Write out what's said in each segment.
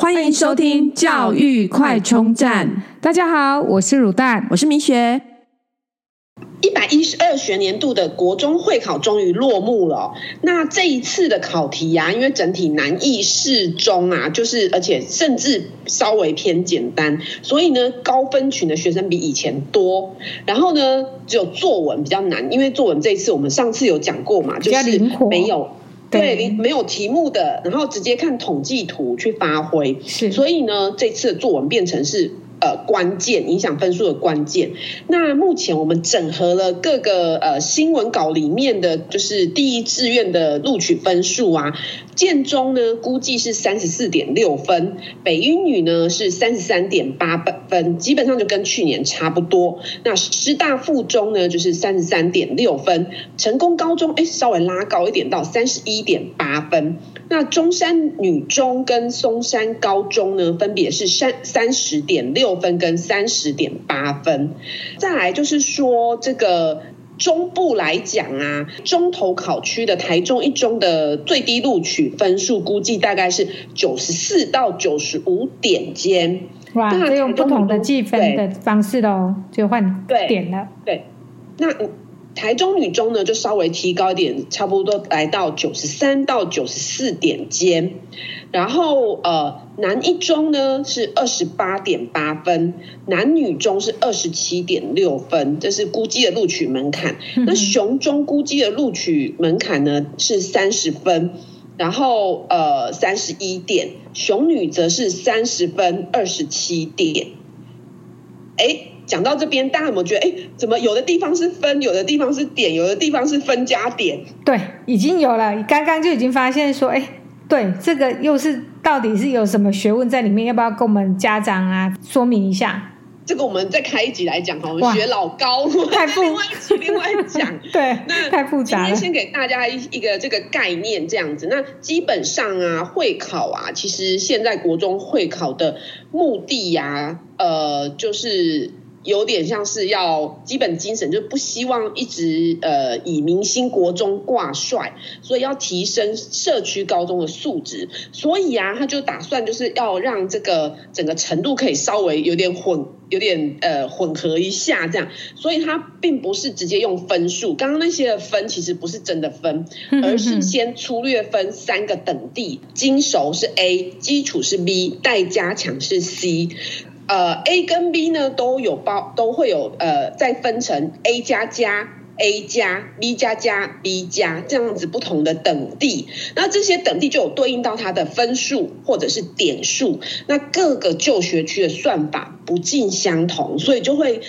歡迎收聽教育快充站。大家好，我是乳蛋，我是明雪。一百一十二學年度的國中會考終於落幕了哦。那這一次的考題呀啊，因為整體難易適中啊，就是而且甚至稍微偏簡單，所以呢，高分群的學生比以前多。然後呢，只有作文比較難，因為作文這一次我們上次有講過嘛，就是沒有。對，零沒有題目的，然後直接看統計圖去發揮。是。所以呢，這次的作文變成是呃關鍵影響分數的關鍵。那目前我們整合了各個呃新聞稿裡面的，就是第一志願的錄取分數啊。建中呢，估計是三十四點六分，北一女呢是三十三點八分，基本上就跟去年差不多。那師大附中呢就是三十三點六分，成功高中哎、欸、稍微拉高一點到三十一點八分。那中山女中跟松山高中呢，分別是三三十點六分跟三十點八分。再來就是說這個。中部來講啊，中投考區的台中一中的最低錄取分數估計大概是九十四到九十五點間，哇、wow，這用不同的計分的方式哦，就換對點了，對，對那。台中女中呢，就稍微提高一點，差不多來到九十三到九十四點間。然後呃，南一中呢是二十八點八分，南女中是二十七點六分，這是估計的錄取門檻。嗯嗯那雄中估計的錄取門檻呢是三十分，然後呃三十一點，雄女則是三十分二十七點，誒。講到這邊，大家有沒有覺得，哎，怎麼有的地方是分，有的地方是點，有的地方是分加點？對，已經有了，剛剛就已經發現說，哎，對，這個又是到底是有什麼學問在裡面？要不要跟我們家長啊說明一下？這個我們再開一集來講我們學老高，太複雜，另外一集另外講。 對，那太複雜。今天先給大家一一個這個概念，這樣子。那基本上啊，會考啊，其實現在國中會考的目的呀，啊，呃，就是。有點像是要基本精神，就不希望一直呃以明星國中掛帥，所以要提升社區高中的素質。所以啊，他就打算就是要讓這個整個程度可以稍微有點混，有點呃混合一下這樣。所以他並不是直接用分數，剛剛那些的分其實不是真的分，而是先粗略分三個等第，精熟是 A，基礎是 B，待加強是 C。呃，A 跟 B 呢都有包，都會有呃，再分成 A 加加、A 加、B 加加、B 加這樣子不同的等第，那這些等第就有對應到它的分數或者是點數，那各個就學區的算法不盡相同，所以就會。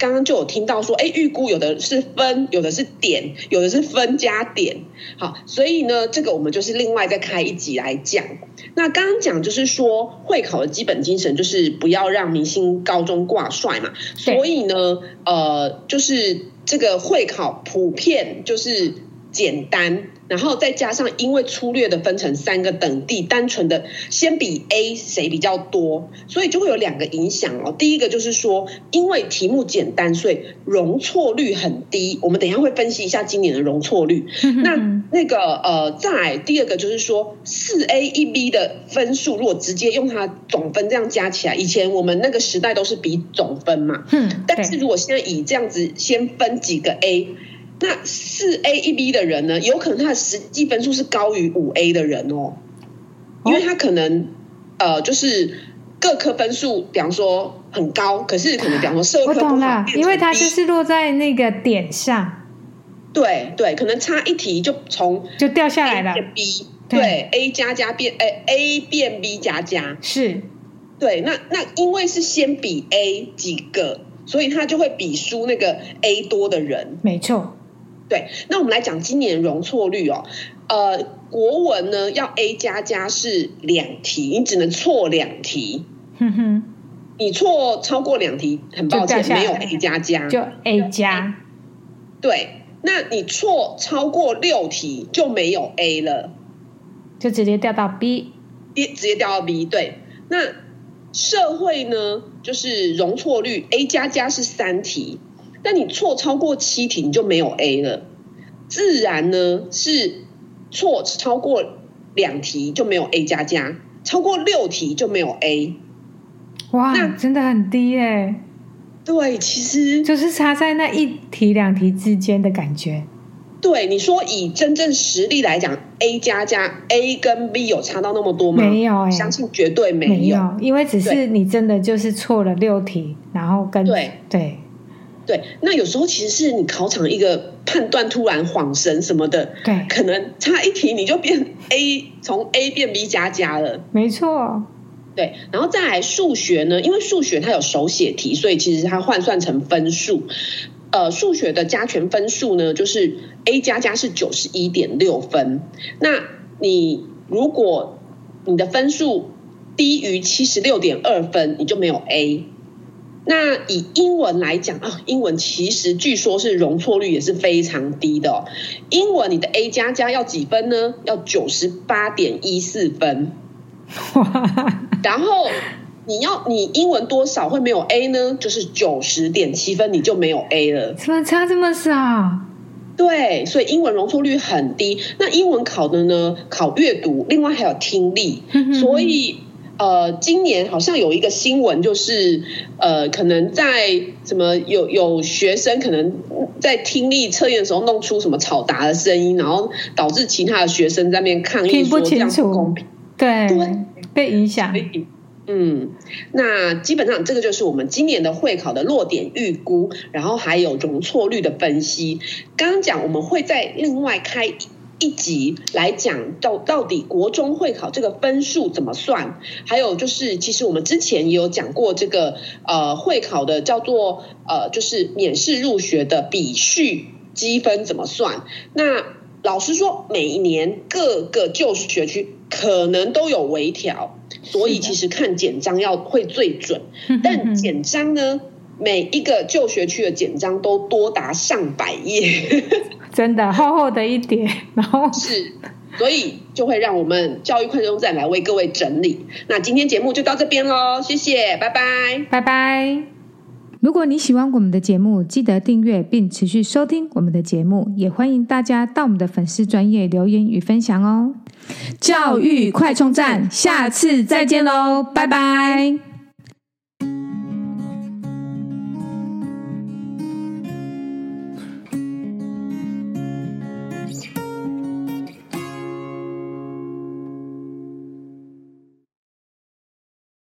剛剛就有聽到說，誒，預估有的是分，有的是點，有的是分加點。好，所以呢，這個我們就是另外再開一集來講。那剛剛講就是說，會考的基本精神就是不要讓明星高中掛帥嘛。所以呢，呃，就是這個會考普遍就是。簡單，然後再加上，因為粗略的分成三個等第，單純的先比 A 誰比較多，所以就會有兩個影響哦。第一個就是說，因為題目簡單，所以容錯率很低。我們等一下會分析一下今年的容錯率。嗯、那那個呃，再第二個就是說，四 A 一 B 的分數，如果直接用它總分這樣加起來，以前我們那個時代都是比總分嘛。嗯、但是如果現在以這樣子先分幾個 A。那四 A 一 B 的人呢？有可能他的實際分數是高於五 A 的人哦，因為他可能、哦、呃，就是各科分數，比方說很高，可是可能比方說社科不好，因為他就是落在那個點上。對對，可能差一題就從、A、就掉下來了。B 對，對 A 加加變哎 A, A 變 B 加加是，對，那那因為是先比 A 幾個，所以他就會比輸那個 A 多的人，沒錯。對，那我們來講今年容錯率哦，呃，國文呢要 A 加加是兩題，你只能錯兩題， 你錯超過兩題，很抱歉沒有 A 加加，就 A 加，對，那你錯超過六題就沒有 A 了，就直接掉到 B，直接掉到 B，對，那社會呢就是容錯率 A 加加是三題。但你錯超過七題，你就沒有 A 了。自然呢是錯超過兩題就沒有 A 加加，超過六題就沒有 A。哇，那真的很低欸。對，其實就是差在那一題兩題之間的感覺。對，你說以真正實力來講，A 加加 A 跟 B 有差到那麼多嗎？沒有欸，相信絕對沒有，沒有，因為只是你真的就是錯了六題，然後跟對對。對對，那有時候其實是你考場一個判斷突然晃神什麼的，對，可能差一題你就變 A，從 A 變 B 加加了。沒錯，對，然後再來數學呢，因為數學它有手寫題，所以其實它換算成分數，呃，數學的加權分數呢，就是 A 加加是九十一點六分，那你如果你的分數低於七十六點二分，你就沒有 A。那以英文來講啊，英文其實據說是容錯率也是非常低的哦。英文你的 A 加加要幾分呢？要九十八點一四分。哇！ 然後你要你英文多少會沒有 A 呢？就是九十點七分你就沒有 A 了。怎麼差這麼少？對，所以英文容錯率很低。那英文考的呢？考閱讀，另外還有聽力。所以。 呃，今年好像有一個新聞，就是呃，可能在什麼有有學生可能在聽力測驗的時候弄出什麼吵雜的聲音，然後導致其他的學生在那邊抗議說這樣不公平，聽不清楚對，對，被影響。嗯，那基本上這個就是我們今年的會考的落點預估，然後還有容錯率的分析。剛剛講我們會再另外開。一集來講，到到底國中會考這個分數怎麼算，還有就是其實我們之前也有講過這個呃會考的叫做呃就是免試入學的比序積分怎麼算。那老實說，每一年各個就學區可能都有微調，所以其實看簡章要會最準。但簡章呢？每一個就學區的簡章都多達上百頁， 真的厚厚的一疊。然後是，所以就會讓我們教育快充站來為各位整理。那今天節目就到這邊嘍，謝謝，拜拜，拜拜。如果你喜歡我們的節目，記得訂閱並持續收聽我們的節目，也歡迎大家到我們的粉絲專頁留言與分享哦。教育快充站，下次再見嘍，拜拜。